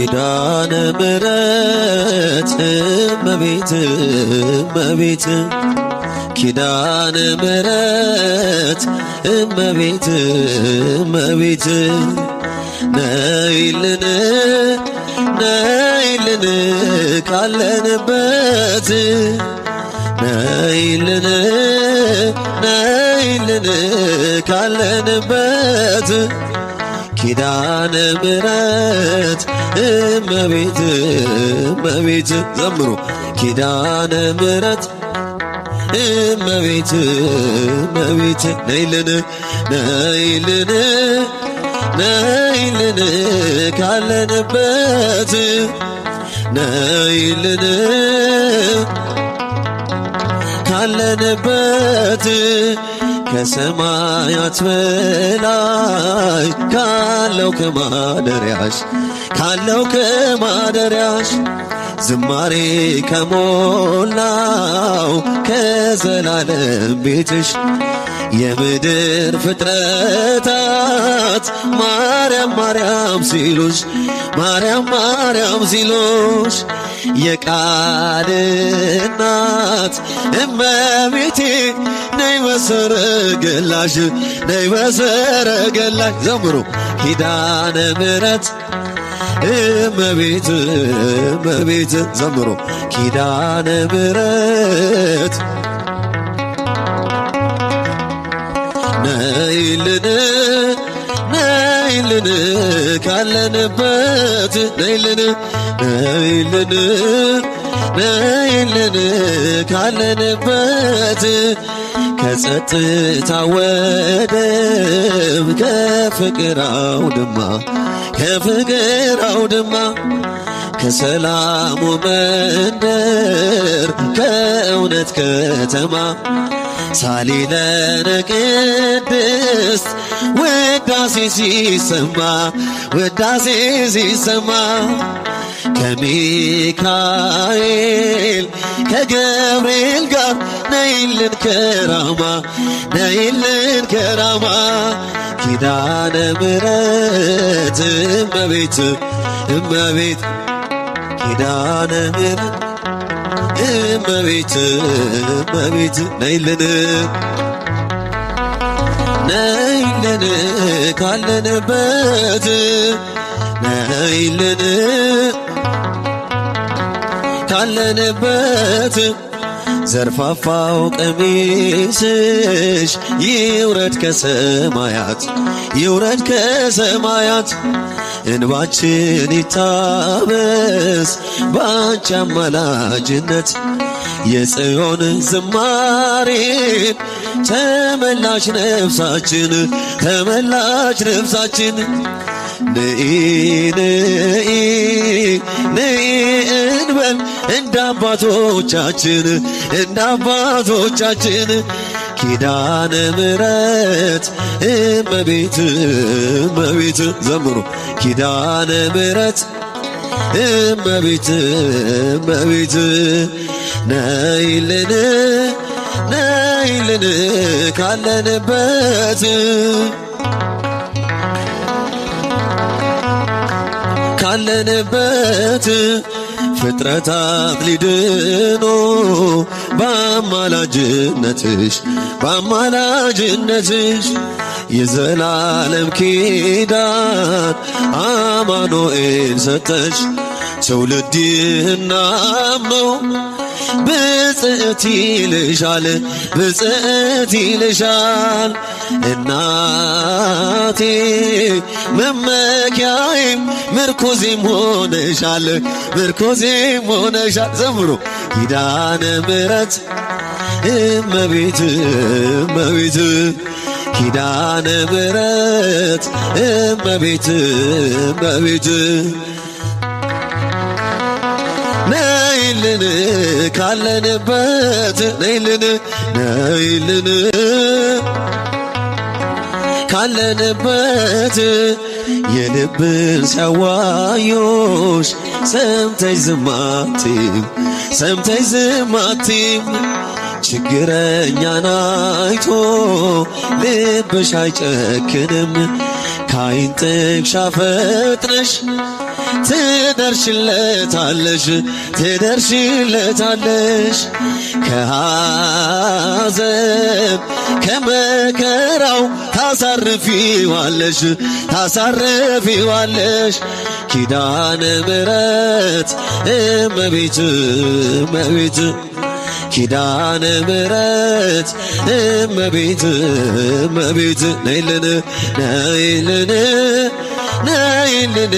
ኪዳነ ምሕረት እመቤት እመቤት ኪዳነ ምሕረት እመቤት እመቤት ነይልን ነይልን ካለንበት ነይልን ነይልን ካለንበት ኪዳነ ምሕረት እመቤት እመቤት ዘምሩ ኪዳነ ምሕረት እመቤት እመቤት ነይልን ነይልን ነይልን ካለንበት ነይልን ካለንበት ከሰማያት በላይ ካለው ከማደሪያሽ ካለው ከማደሪያሽ ዝማሬ ከሞላው ከዘላለም ቤትሽ የምድር ፍጥረታት ማርያም ማርያም ሲሉሽ ማርያም ማርያም ሲሉሽ የቃል እናት እመቤቴ ነይ በሰረገላሽ ነይ በሰረገላሽ ዘምሩ ኪዳነ ምሕረት እመቤት እመቤት ዘምሩ ኪዳነ ምሕረት ነይልን ነይልን ካለንበት ነይልን ነይልን ነይልን ካለንበት ከጸጥታ ወደብ ከፍቅር አውድማ ከፍቅር አውድማ ከሰላሙ መንደር ከእውነት ከተማ ሳሊለነ ቅድስት ውዳሴ ሲሰማ ውዳሴ ሲሰማ ከሚካኤል ከገብርኤል ጋር ነይልን ከራማ ነይልን ከራማ ኪዳነ ምሕረት እመቤት እመቤት ኪዳነ ምሕረት እመቤት እመቤት ነይልን ነይልን ካለንበት ነይልን ካለንበት ዘርፋፋው ቀሚስሽ ይውረድ ከሰማያት ይውረድ ከሰማያት እንባችን ይታበስ ባንቺ አማላጅነት የጽዮን ዝማሬ ተመላሽ ነፍሳችን ተመላሽ ነፍሳችን ንኢ ንኢ ንኢ እንበል እንደ አባቶቻችን እንደ አባቶቻችን ኪዳነ ምሕረት እመቤት እመቤት ዘምሩ ኪዳነ ምሕረት እመቤት እመቤት ነይልን ነይልን ካለንበት ካለንበት ፍጥረታት ሊድኖ በአማላጅነትሽ በአማላጅነትሽ የዘላለም ኪዳን አማኑኤል ሰጠሽ ትውልድ ናመው ብጽዕት ይልሻል ብጽዕት ይልሻል እናቴ መመኪያዬም ምርኮዜም ሆነሻል ምርኮዜም ሆነሻል ዘምሩ ኪዳነ ምሕረት እመቤት እመቤት ኪዳነ ምሕረት እመቤት እመቤት ነይልን ካለንበት ነይልን ነይልን ካለንበት የልብን ሰዋዮሽ ሰምተሽ ዝማቲም ሰምተሽ ዝማቲም ችግረኛን አይቶ ልብሽ አይጨክንም ካይን ፈጥነሽ ትደርሽለታለሽ ትደርሽለታለሽ ከሐዘን ከመከራው ታሳርፊዋለሽ ታሳርፊዋለሽ ኪዳነ ምሕረት እመቤት እመቤት ኪዳነ ምሕረት እመቤት እመቤት ነይልን ነይልን ነይልን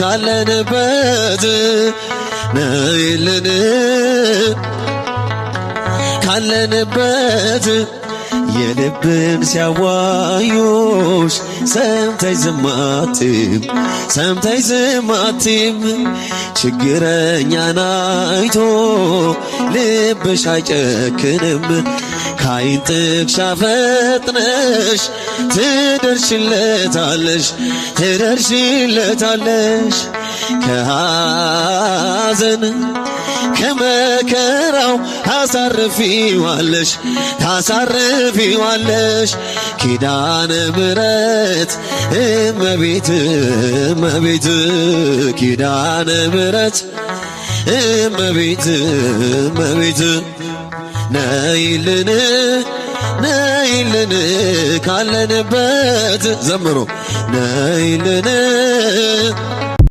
ካለንበት ነይልን ካለንበት የልብን ሲያዋዩ ሆንሽ ሰምተሽ ዝማትም አትይም ሰምተሽ ዝም አትይም ችግረኛን አይቶ ልብሽ አይጨክንም ካይን ጥቅሻ ፈጥነሽ ትደርሽለታለሽ ትደርሽለታለሽ ከሐዘን ከመከራው ታሳርፊዋለሽ ታሳርፊዋለሽ ኪዳነ ምሕረት እመቤት እመቤት ኪዳነ ምሕረት እመቤት እመቤት ነይልን ነይልን ካለንበት ዘምሮ ነይልን